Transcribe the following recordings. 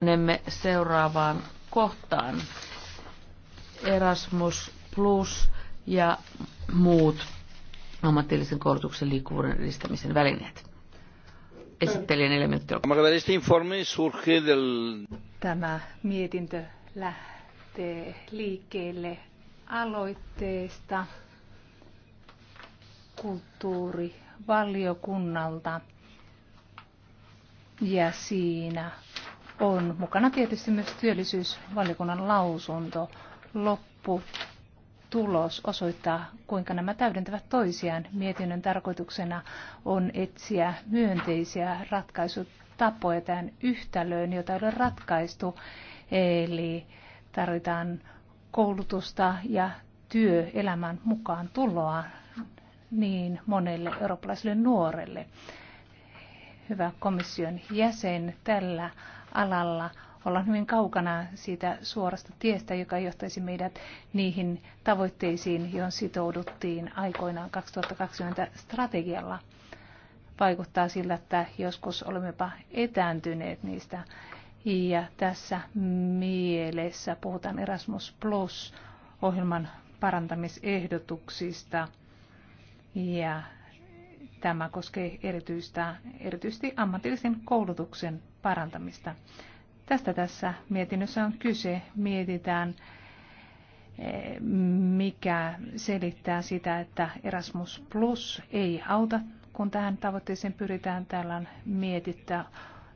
menemme seuraavaan kohtaan. Erasmus Plus ja muut ammatillisen koulutuksen liikkuvuuden edistämisen välineet. Esittelijän elementti minuuttia. Tämä mietintö lähtee liikkeelle aloitteesta kulttuurivaliokunnalta ja siinä on mukana tietysti myös työllisyysvaliokunnan lausunto. Loppu tulos osoittaa, kuinka nämä täydentävät toisiaan. Mietinnön tarkoituksena on etsiä myönteisiä ratkaisutapoja tämän yhtälöön, jota ei ole ratkaistu. Eli tarvitaan koulutusta ja työelämän mukaan tuloa niin monelle eurooppalaiselle nuorelle. Hyvä komission jäsen, tällä alalla ollaan hyvin kaukana siitä suorasta tiestä, joka johtaisi meidät niihin tavoitteisiin, joihin sitouduttiin aikoinaan 2020 strategialla. Vaikuttaa siltä, että joskus olemmepa etääntyneet niistä. Ja tässä mielessä puhutaan Erasmus Plus-ohjelman parantamisehdotuksista. Ja Tämä koskee erityistä, erityisesti ammatillisen koulutuksen parantamista. Tästä tässä mietinnössä on kyse. Mietitään, eh, mikä selittää sitä, että Erasmus Plus ei auta, kun tähän tavoitteeseen pyritään. Täällä on mietittä,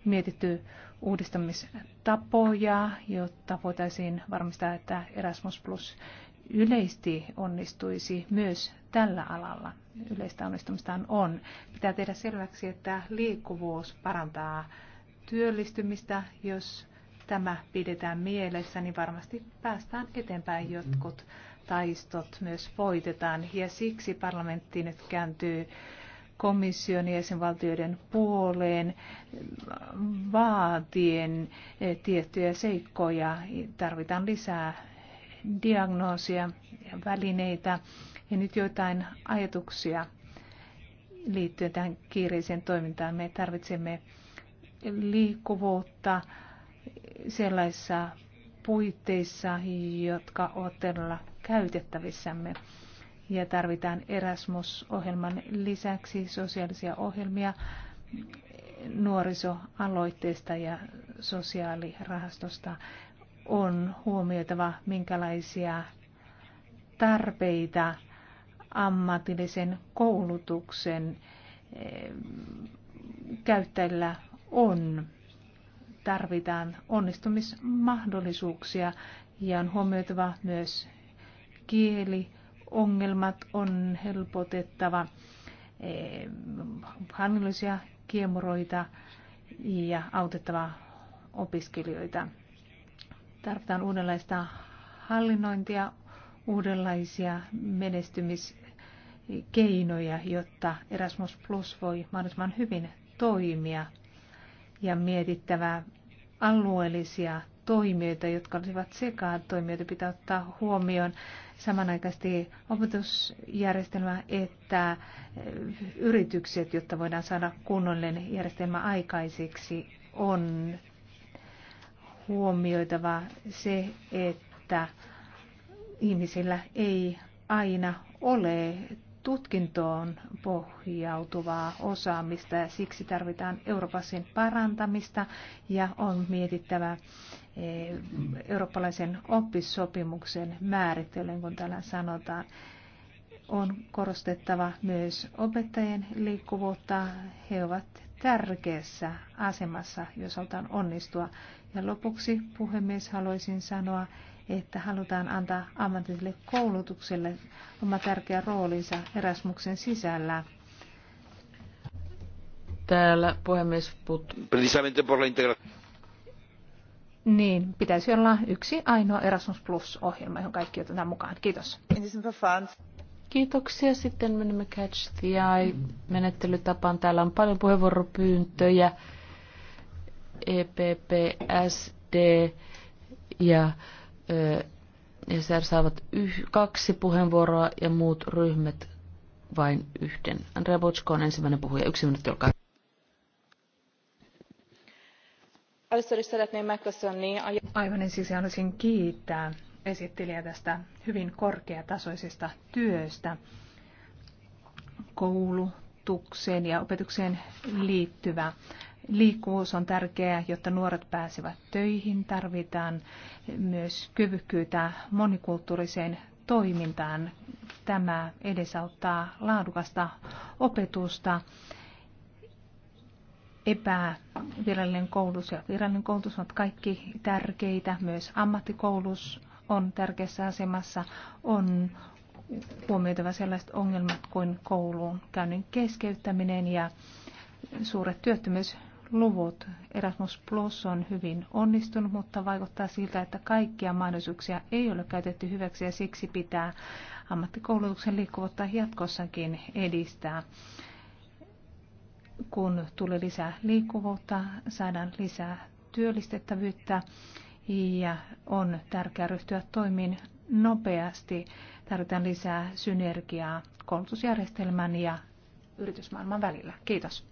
mietitty uudistamistapoja, jotta voitaisiin varmistaa, että Erasmus Plus yleisesti onnistuisi myös tällä alalla. Yleistä onnistumistaan on. Pitää tehdä selväksi, että liikkuvuus parantaa työllistymistä. Jos tämä pidetään mielessä, niin varmasti päästään eteenpäin jotkut taistot myös voitetaan. Ja siksi parlamentti nyt kääntyy komission ja jäsenvaltioiden puoleen vaatien eh, tiettyjä seikkoja. Tarvitaan lisää diagnoosia ja välineitä ja nyt joitain ajatuksia liittyen tähän kiireiseen toimintaan. Me tarvitsemme liikkuvuutta sellaisissa puitteissa, jotka ovat todella käytettävissämme. Ja tarvitaan Erasmus-ohjelman lisäksi sosiaalisia ohjelmia nuorisoaloitteesta ja sosiaalirahastosta on huomioitava, minkälaisia tarpeita ammatillisen koulutuksen eh, käyttäjillä on. Tarvitaan onnistumismahdollisuuksia ja on huomioitava myös kieliongelmat, on helpotettava eh, hallinnollisia kiemuroita ja autettava opiskelijoita. Tarvitaan uudenlaista hallinnointia, uudenlaisia menestymiskeinoja, jotta Erasmus Plus voi mahdollisimman hyvin toimia ja mietittävää alueellisia toimijoita, jotka olisivat sekaan toimijoita, pitää ottaa huomioon samanaikaisesti opetusjärjestelmä että yritykset, jotta voidaan saada kunnollinen järjestelmä aikaiseksi, on huomioitava se, että ihmisillä ei aina ole tutkintoon pohjautuvaa osaamista ja siksi tarvitaan Euroopan parantamista ja on mietittävä eh, eurooppalaisen oppisopimuksen määrittelyn, kun täällä sanotaan. On korostettava myös opettajien liikkuvuutta. He ovat tärkeässä asemassa, jos halutaan onnistua ja lopuksi puhemies haluaisin sanoa, että halutaan antaa ammatilliselle koulutukselle oma tärkeä roolinsa Erasmuksen sisällä. Täällä puhemies put... Niin, pitäisi olla yksi ainoa Erasmus Plus-ohjelma, johon kaikki otetaan mukaan. Kiitos. Kiitoksia. Sitten menemme Catch the Eye-menettelytapaan. Täällä on paljon puheenvuoropyyntöjä. EPP, SD ja SR saavat yh, kaksi puheenvuoroa ja muut ryhmät vain yhden. Andrea Botsko on ensimmäinen puhuja. Yksi minuutti, olkaa Aivan ensiksi haluaisin kiittää esittelijä tästä hyvin korkeatasoisesta työstä koulutukseen ja opetukseen liittyvä Liikkuvuus on tärkeää, jotta nuoret pääsevät töihin. Tarvitaan myös kyvykkyyttä monikulttuuriseen toimintaan. Tämä edesauttaa laadukasta opetusta. Epävirallinen koulutus ja virallinen koulutus ovat kaikki tärkeitä. Myös ammattikoulutus on tärkeässä asemassa. On huomioitava sellaiset ongelmat kuin kouluun käynnin keskeyttäminen ja suuret työttömyys luvut. Erasmus Plus on hyvin onnistunut, mutta vaikuttaa siltä, että kaikkia mahdollisuuksia ei ole käytetty hyväksi ja siksi pitää ammattikoulutuksen liikkuvuutta jatkossakin edistää. Kun tulee lisää liikkuvuutta, saadaan lisää työllistettävyyttä ja on tärkeää ryhtyä toimiin nopeasti. Tarvitaan lisää synergiaa koulutusjärjestelmän ja yritysmaailman välillä. Kiitos.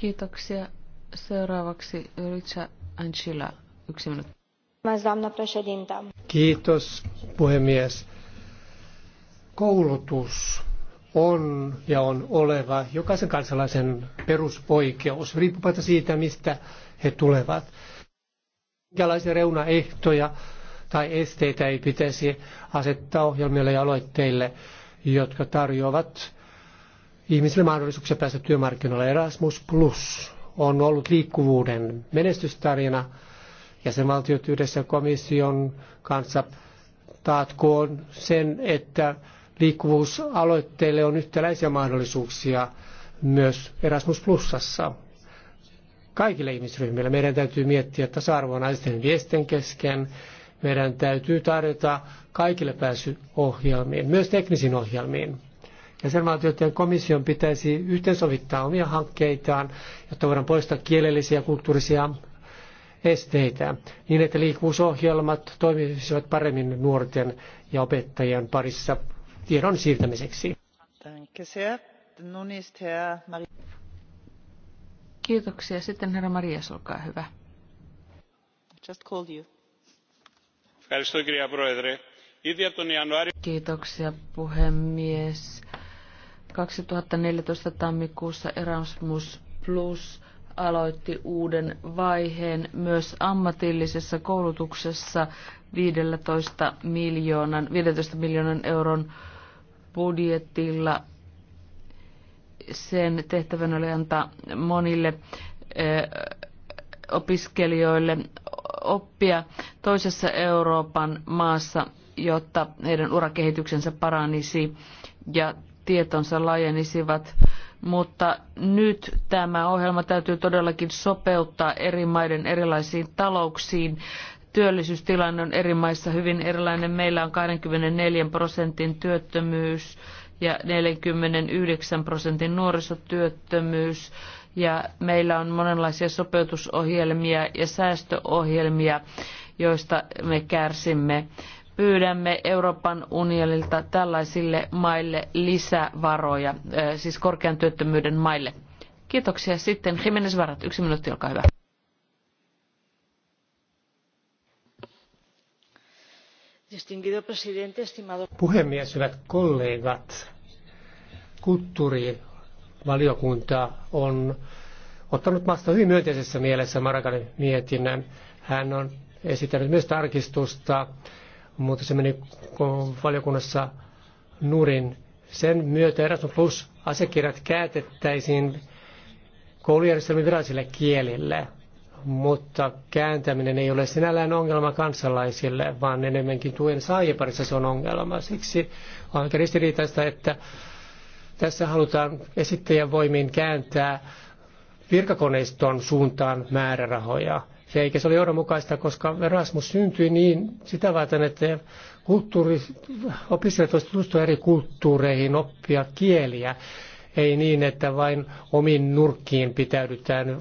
Kiitoksia. Seuraavaksi Richa Anchila. Yksi minuutti. Kiitos puhemies. Koulutus on ja on oleva jokaisen kansalaisen perusoikeus, riippumatta siitä, mistä he tulevat. Minkälaisia reunaehtoja tai esteitä ei pitäisi asettaa ohjelmille ja aloitteille, jotka tarjoavat ihmisille mahdollisuuksia päästä työmarkkinoille. Erasmus Plus on ollut liikkuvuuden menestystarina. Jäsenvaltiot yhdessä komission kanssa taatkoon sen, että liikkuvuusaloitteille on yhtäläisiä mahdollisuuksia myös Erasmus Plusassa. Kaikille ihmisryhmille meidän täytyy miettiä tasa-arvoa naisten viesten kesken. Meidän täytyy tarjota kaikille pääsy ohjelmiin, myös teknisiin ohjelmiin Jäsenvaltioiden komission pitäisi yhteensovittaa omia hankkeitaan, jotta voidaan poistaa kielellisiä ja kulttuurisia esteitä, niin että liikkuvuusohjelmat toimisivat paremmin nuorten ja opettajien parissa tiedon siirtämiseksi. Kiitoksia. Sitten herra Maria olkaa hyvä. Kiitoksia puhemies. 2014 tammikuussa Erasmus Plus aloitti uuden vaiheen myös ammatillisessa koulutuksessa 15 miljoonan, 15 miljoonan euron budjetilla. Sen tehtävänä oli antaa monille opiskelijoille oppia toisessa Euroopan maassa, jotta heidän urakehityksensä paranisi ja tietonsa laajenisivat, mutta nyt tämä ohjelma täytyy todellakin sopeuttaa eri maiden erilaisiin talouksiin. Työllisyystilanne on eri maissa hyvin erilainen. Meillä on 24 prosentin työttömyys ja 49 prosentin nuorisotyöttömyys ja meillä on monenlaisia sopeutusohjelmia ja säästöohjelmia, joista me kärsimme pyydämme Euroopan unionilta tällaisille maille lisävaroja, siis korkean työttömyyden maille. Kiitoksia. Sitten Jimenez Varat, yksi minuutti, olkaa hyvä. Puhemies, hyvät kollegat, kulttuurivaliokunta on ottanut maasta hyvin myönteisessä mielessä Marakanin mietinnän. Hän on esittänyt myös tarkistusta mutta se meni valiokunnassa nurin. Sen myötä Erasmus Plus-asiakirjat käytettäisiin koulujärjestelmän virallisille kielille, mutta kääntäminen ei ole sinällään ongelma kansalaisille, vaan enemmänkin tuen saajaparissa se on ongelma. Siksi on aika ristiriitaista, että tässä halutaan esittäjän voimin kääntää virkakoneiston suuntaan määrärahoja. Se eikä se ole johdonmukaista, koska Erasmus syntyi niin sitä varten, että kulttuuri, opiskelijat olisivat tutustua eri kulttuureihin, oppia kieliä. Ei niin, että vain omiin nurkkiin pitäydytään,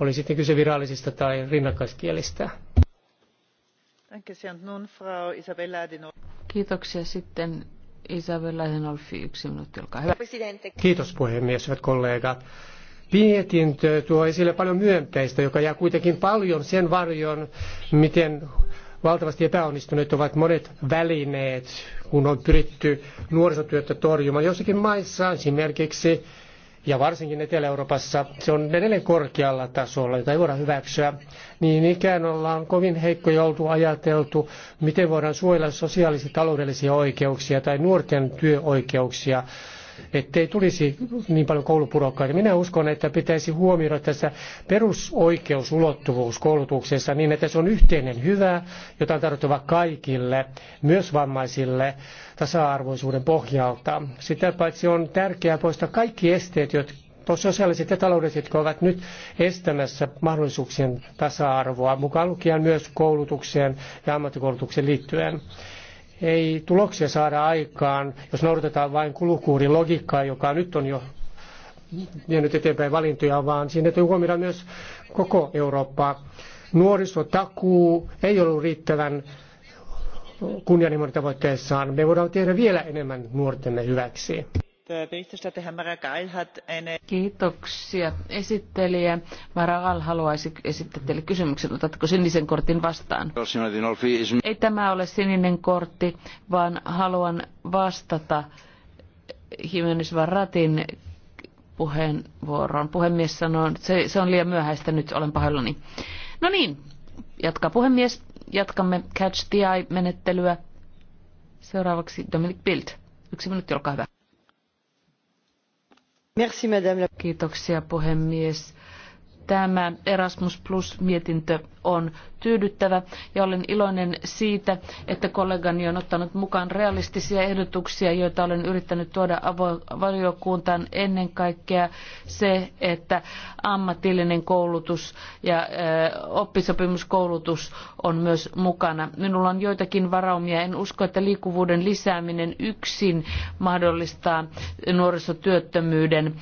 oli sitten kyse virallisista tai rinnakkaiskielistä. Kiitoksia sitten Isabella Henolfi, yksi minuutti, olkaa hyvä. Kiitos puhemies, hyvät kollegat mietintö tuo esille paljon myönteistä, joka jää kuitenkin paljon sen varjon, miten valtavasti epäonnistuneet ovat monet välineet, kun on pyritty nuorisotyötä torjumaan. Jossakin maissa esimerkiksi, ja varsinkin Etelä-Euroopassa, se on edelleen korkealla tasolla, jota ei voida hyväksyä. Niin ikään ollaan kovin heikkoja oltu ajateltu, miten voidaan suojella sosiaalisia taloudellisia oikeuksia tai nuorten työoikeuksia ettei tulisi niin paljon koulupurokkaita. Minä uskon, että pitäisi huomioida tässä perusoikeusulottuvuus koulutuksessa niin, että se on yhteinen hyvä, jota on tarjottava kaikille, myös vammaisille, tasa-arvoisuuden pohjalta. Sitä paitsi on tärkeää poistaa kaikki esteet, jotka sosiaaliset ja taloudelliset, jotka ovat nyt estämässä mahdollisuuksien tasa-arvoa, mukaan lukien myös koulutukseen ja ammattikoulutukseen liittyen ei tuloksia saada aikaan, jos noudatetaan vain kulukuurilogiikkaa, joka nyt on jo vienyt eteenpäin valintoja, vaan siinä täytyy huomioida myös koko Eurooppaa. Nuorisotakuu ei ollut riittävän kunnianhimoinen tavoitteessaan. Me voidaan tehdä vielä enemmän nuortemme hyväksi. Äh, Kiitoksia esittelijä. Maragall haluaisi esittää teille kysymyksen. Otatko sinisen kortin vastaan? Ei tämä ole sininen kortti, vaan haluan vastata Jimenez Varratin puheenvuoroon. Puhemies sanoo, että se, se on liian myöhäistä nyt, olen pahoillani. No niin, jatkaa puhemies. Jatkamme Catch the Eye-menettelyä. Seuraavaksi Dominic Bild. Yksi minuutti, olkaa hyvä arvoisa puhemies tämä erasmus mietintö on hyvä on tyydyttävä ja olen iloinen siitä, että kollegani on ottanut mukaan realistisia ehdotuksia, joita olen yrittänyt tuoda valiokuntaan ennen kaikkea se, että ammatillinen koulutus ja oppisopimuskoulutus on myös mukana. Minulla on joitakin varaumia. En usko, että liikkuvuuden lisääminen yksin mahdollistaa nuorisotyöttömyyden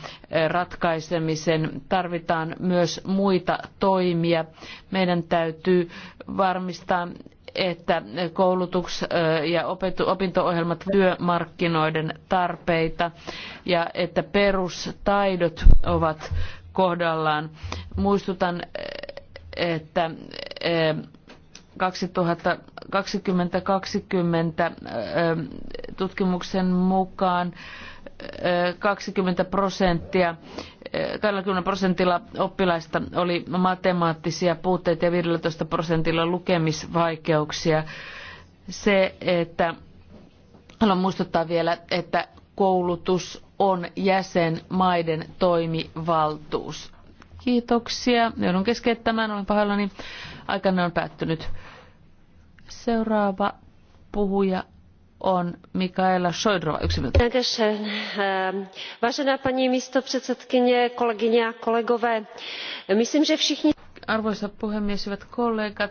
ratkaisemisen. Tarvitaan myös muita toimia. Meidän täytyy varmistaa, että koulutus- ja opinto-ohjelmat työmarkkinoiden tarpeita ja että perustaidot ovat kohdallaan. Muistutan, että 2020 tutkimuksen mukaan 20 prosenttia 20 prosentilla oppilaista oli matemaattisia puutteita ja 15 prosentilla lukemisvaikeuksia. Se, että haluan muistuttaa vielä, että koulutus on jäsenmaiden toimivaltuus. Kiitoksia. Joudun keskeyttämään, olen pahoillani. Aikanne on päättynyt. Seuraava puhuja on Mikaela Šojdrová. Yksi minuutti. Ähm, vážená paní místo předsedkyně, kolegyně a kolegové, myslím, že všichni... Arvoisa puhemies, hyvät kollegat,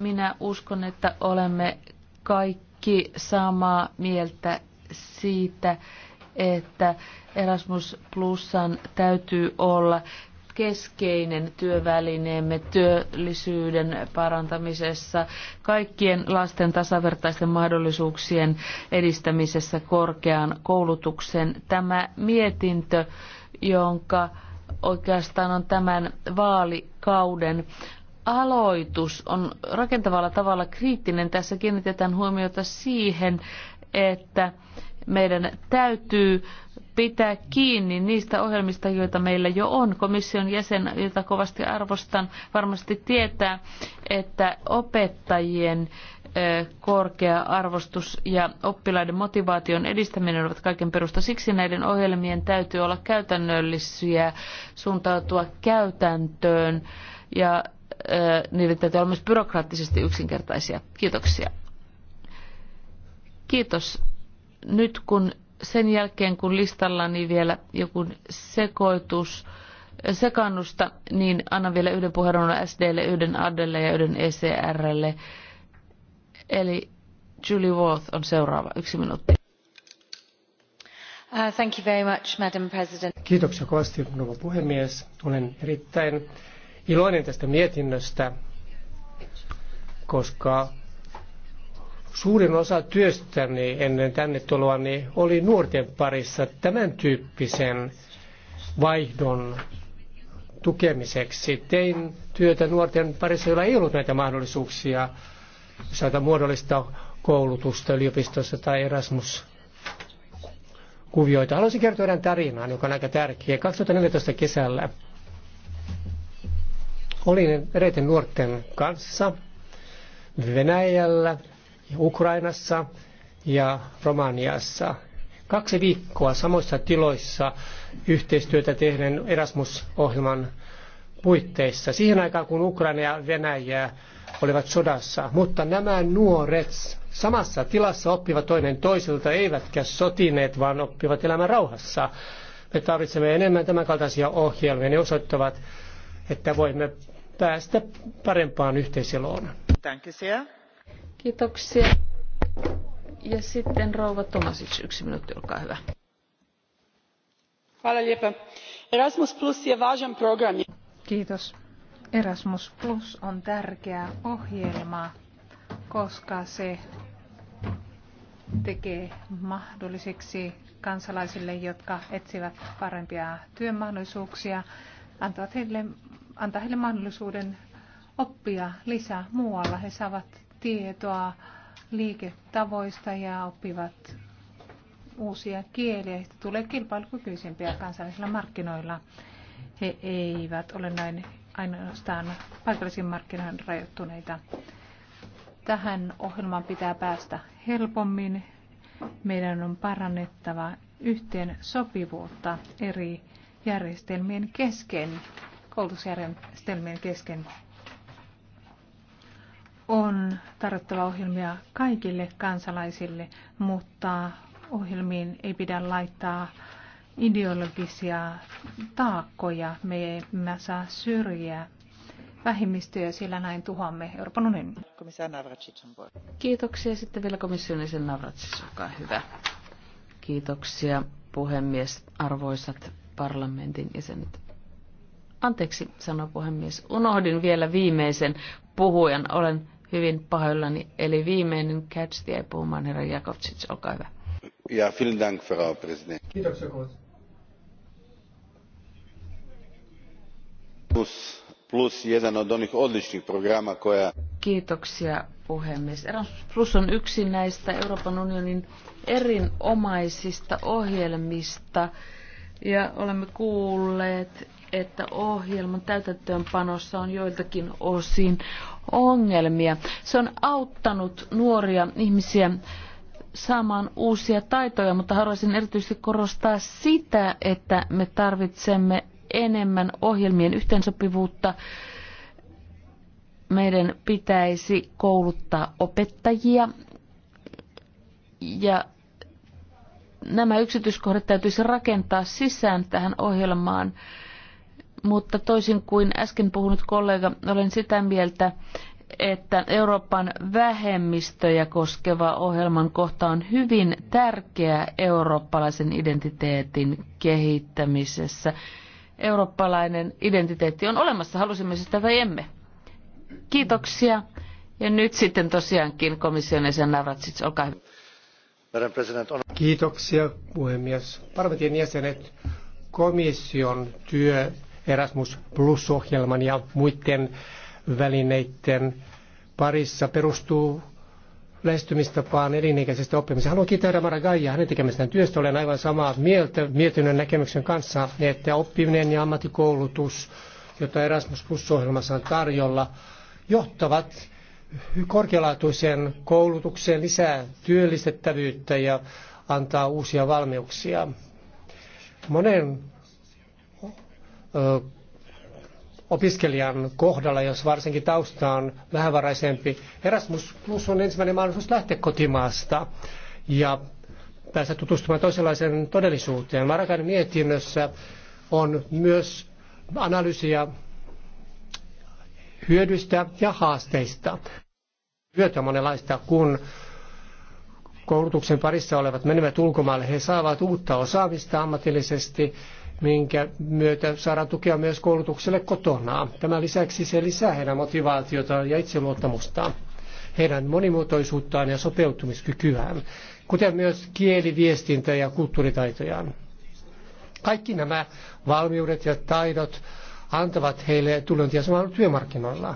minä uskon, että olemme kaikki samaa mieltä siitä, että Erasmus Plusan täytyy olla keskeinen työvälineemme työllisyyden parantamisessa, kaikkien lasten tasavertaisten mahdollisuuksien edistämisessä korkean koulutuksen. Tämä mietintö, jonka oikeastaan on tämän vaalikauden aloitus, on rakentavalla tavalla kriittinen. Tässä kiinnitetään huomiota siihen, että meidän täytyy pitää kiinni niistä ohjelmista, joita meillä jo on. Komission jäsen, jota kovasti arvostan, varmasti tietää, että opettajien korkea arvostus ja oppilaiden motivaation edistäminen ovat kaiken perusta. Siksi näiden ohjelmien täytyy olla käytännöllisiä, suuntautua käytäntöön ja niiden täytyy olla myös byrokraattisesti yksinkertaisia. Kiitoksia. Kiitos. Nyt kun sen jälkeen, kun listallani vielä joku sekoitus, sekannusta, niin annan vielä yhden puheenvuoron SDlle, yhden ADlle ja yhden ECRlle. Eli Julie Worth on seuraava. Yksi minuutti. Uh, thank you very much, Madam President. Kiitoksia kovasti, rouva puhemies. Olen erittäin iloinen tästä mietinnöstä, koska Suurin osa työstäni ennen tänne tuloani oli nuorten parissa tämän tyyppisen vaihdon tukemiseksi. Tein työtä nuorten parissa, joilla ei ollut näitä mahdollisuuksia saada muodollista koulutusta yliopistossa tai Erasmus kuvioita. Haluaisin kertoa erään tarinan, joka on aika tärkeä. 2014 kesällä olin eräiden nuorten kanssa Venäjällä Ukrainassa ja Romaniassa. Kaksi viikkoa samoissa tiloissa yhteistyötä tehden Erasmus-ohjelman puitteissa, siihen aikaan kun Ukraina ja Venäjä olivat sodassa. Mutta nämä nuoret samassa tilassa oppivat toinen toisilta, eivätkä sotineet, vaan oppivat elämän rauhassa. Me tarvitsemme enemmän tämänkaltaisia ohjelmia. Ne osoittavat, että voimme päästä parempaan yhteiseloon. Kiitoksia. Ja sitten rouva Tomasic, yksi minuutti, olkaa hyvä. Erasmus Plus je važan program. Kiitos. Erasmus Plus on tärkeä ohjelma, koska se tekee mahdolliseksi kansalaisille, jotka etsivät parempia työmahdollisuuksia, heille, antaa heille mahdollisuuden oppia lisää muualla. He saavat tietoa liiketavoista ja oppivat uusia kieliä. Heistä tulee kilpailukykyisempiä kansainvälisillä markkinoilla. He eivät ole näin ainoastaan paikallisiin markkinoihin rajoittuneita. Tähän ohjelmaan pitää päästä helpommin. Meidän on parannettava yhteen sopivuutta eri järjestelmien kesken, koulutusjärjestelmien kesken on tarjottava ohjelmia kaikille kansalaisille, mutta ohjelmiin ei pidä laittaa ideologisia taakkoja. Me emme saa syrjiä vähemmistöjä, sillä näin tuhoamme Euroopan unionin. Kiitoksia. Sitten vielä komission jäsen Navratsis, olkaa hyvä. Kiitoksia puhemies, arvoisat parlamentin jäsenet. Anteeksi, sanoi puhemies. Unohdin vielä viimeisen puhujan. Olen hyvin pahoillani. Eli viimeinen catch jäi puhumaan herra Jakovcic, olkaa hyvä. Ja, vielen dank, Frau President. Kiitoksia Plus, plus jedan od onih odličnih programa koja... Kiitoksia puhemies. Erasmus Plus on yksi näistä Euroopan unionin erinomaisista ohjelmista ja olemme kuulleet että ohjelman täytäntöönpanossa on joiltakin osin ongelmia. Se on auttanut nuoria ihmisiä saamaan uusia taitoja, mutta haluaisin erityisesti korostaa sitä, että me tarvitsemme enemmän ohjelmien yhteensopivuutta. Meidän pitäisi kouluttaa opettajia ja nämä yksityiskohdat täytyisi rakentaa sisään tähän ohjelmaan. Mutta toisin kuin äsken puhunut kollega, olen sitä mieltä, että Euroopan vähemmistöjä koskeva ohjelman kohta on hyvin tärkeä eurooppalaisen identiteetin kehittämisessä. Eurooppalainen identiteetti on olemassa, halusimme sitä tai emme. Kiitoksia. Ja nyt sitten tosiaankin komission jäsen Navratsits, olkaa hyvä. Kiitoksia puhemies. Parlamentin jäsenet, komission työ Erasmus Plus-ohjelman ja muiden välineiden parissa perustuu lähestymistapaan elinikäisestä oppimisesta. Haluan kiittää Herra Gaia hänen tekemästään työstä. Olen aivan samaa mieltä mietinnön näkemyksen kanssa, että oppiminen ja ammattikoulutus, jota Erasmus Plus-ohjelmassa on tarjolla, johtavat korkealaatuiseen koulutukseen lisää työllistettävyyttä ja antaa uusia valmiuksia. Monen opiskelijan kohdalla, jos varsinkin tausta on vähävaraisempi. Erasmus Plus on ensimmäinen mahdollisuus lähteä kotimaasta ja päästä tutustumaan toisenlaiseen todellisuuteen. Varakainen mietinnössä on myös analyysiä hyödyistä ja haasteista. Hyötyä monenlaista, kun koulutuksen parissa olevat menevät ulkomaille, he saavat uutta osaamista ammatillisesti minkä myötä saadaan tukea myös koulutukselle kotona. Tämän lisäksi se lisää heidän motivaatiotaan ja itseluottamustaan, heidän monimuotoisuuttaan ja sopeutumiskykyään, kuten myös kieliviestintä ja kulttuuritaitojaan. Kaikki nämä valmiudet ja taidot antavat heille tulentia samalla työmarkkinoilla.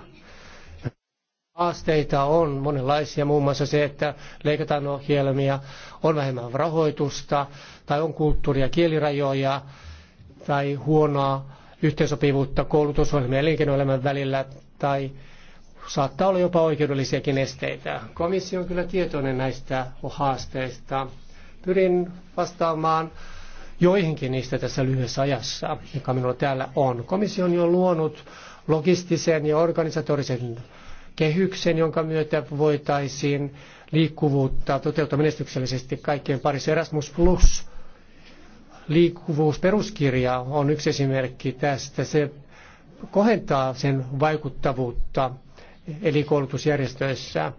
Haasteita on monenlaisia, muun muassa se, että leikataan ohjelmia, on vähemmän rahoitusta tai on kulttuuri- ja kielirajoja, tai huonoa yhteensopivuutta koulutusohjelmien ja elinkeinoelämän välillä tai saattaa olla jopa oikeudellisiakin esteitä. Komissio on kyllä tietoinen näistä haasteista. Pyrin vastaamaan joihinkin niistä tässä lyhyessä ajassa, joka minulla täällä on. Komissio on jo luonut logistisen ja organisatorisen kehyksen, jonka myötä voitaisiin liikkuvuutta toteuttaa menestyksellisesti kaikkien parissa. Erasmus Plus Liikkuvuusperuskirja on yksi esimerkki tästä. Se kohentaa sen vaikuttavuutta eli koulutusjärjestöissä.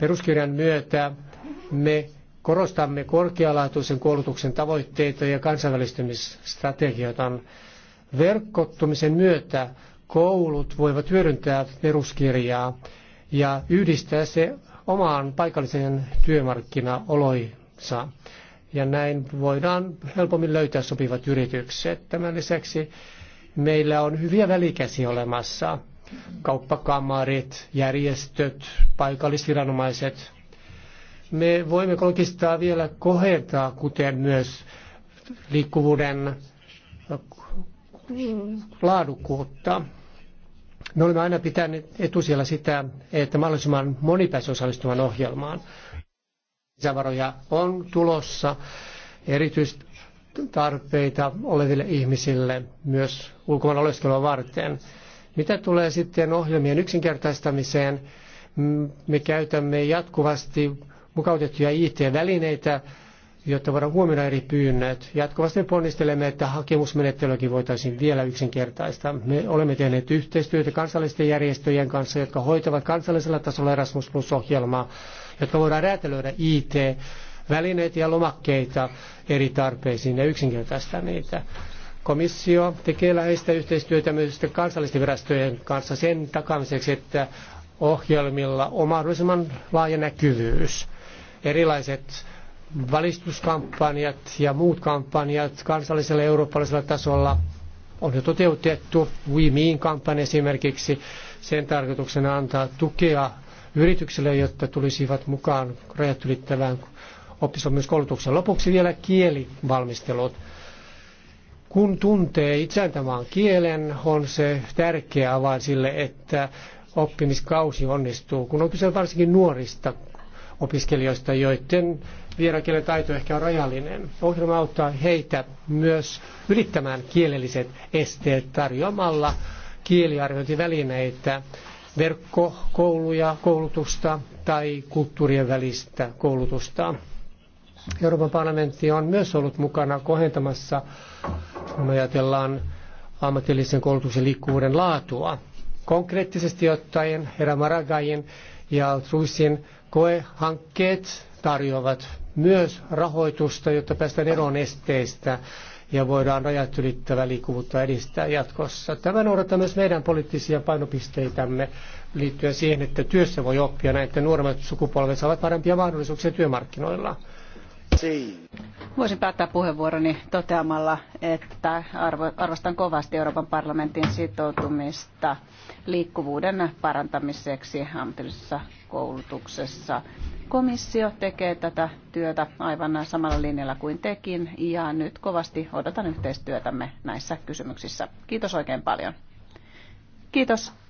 Peruskirjan myötä me korostamme korkealaatuisen koulutuksen tavoitteita ja kansainvälistymisstrategioita. Verkkottumisen myötä koulut voivat hyödyntää peruskirjaa ja yhdistää se omaan paikalliseen työmarkkinaoloihinsa ja näin voidaan helpommin löytää sopivat yritykset. Tämän lisäksi meillä on hyviä välikäsiä olemassa. Kauppakamarit, järjestöt, paikallisviranomaiset. Me voimme kolkistaa vielä kohentaa, kuten myös liikkuvuuden laadukkuutta. Me olemme aina pitäneet etusijalla sitä, että mahdollisimman moni pääsee osallistumaan ohjelmaan. Lisävaroja on tulossa erityistarpeita oleville ihmisille myös ulkomaan oleskelua varten. Mitä tulee sitten ohjelmien yksinkertaistamiseen, me käytämme jatkuvasti mukautettuja IT-välineitä, jotta voidaan huomioida eri pyynnöt. Jatkuvasti me ponnistelemme, että hakemusmenettelyäkin voitaisiin vielä yksinkertaista. Me olemme tehneet yhteistyötä kansallisten järjestöjen kanssa, jotka hoitavat kansallisella tasolla Erasmus Plus-ohjelmaa jotka voidaan räätälöidä IT-välineitä ja lomakkeita eri tarpeisiin ja yksinkertaistaa niitä. Komissio tekee läheistä yhteistyötä myös kansallisten virastojen kanssa sen takaamiseksi, että ohjelmilla on mahdollisimman laaja näkyvyys. Erilaiset valistuskampanjat ja muut kampanjat kansallisella ja eurooppalaisella tasolla on jo toteutettu. We Mean kampanja esimerkiksi, sen tarkoituksena antaa tukea yrityksille, jotta tulisivat mukaan rajat ylittävään oppisopimuskoulutuksen. Lopuksi vielä kielivalmistelut. Kun tuntee itseään kielen, on se tärkeä avain sille, että oppimiskausi onnistuu, kun on kyse varsinkin nuorista opiskelijoista, joiden vierakielen taito ehkä on rajallinen. Ohjelma auttaa heitä myös ylittämään kielelliset esteet tarjoamalla kieliarviointivälineitä verkkokouluja, koulutusta tai kulttuurien välistä koulutusta. Euroopan parlamentti on myös ollut mukana kohentamassa, kun ajatellaan ammatillisen koulutuksen liikkuvuuden laatua. Konkreettisesti ottaen herra ja Truisin koehankkeet tarjoavat myös rahoitusta, jotta päästään eroon esteistä ja voidaan rajat ylittävää liikkuvuutta edistää jatkossa. Tämä noudattaa myös meidän poliittisia painopisteitämme liittyen siihen, että työssä voi oppia näin, että nuoremmat sukupolvet saavat parempia mahdollisuuksia työmarkkinoilla. Voisin päättää puheenvuoroni toteamalla, että arvostan kovasti Euroopan parlamentin sitoutumista liikkuvuuden parantamiseksi ammatillisessa koulutuksessa. Komissio tekee tätä työtä aivan samalla linjalla kuin tekin ja nyt kovasti odotan yhteistyötämme näissä kysymyksissä. Kiitos oikein paljon. Kiitos.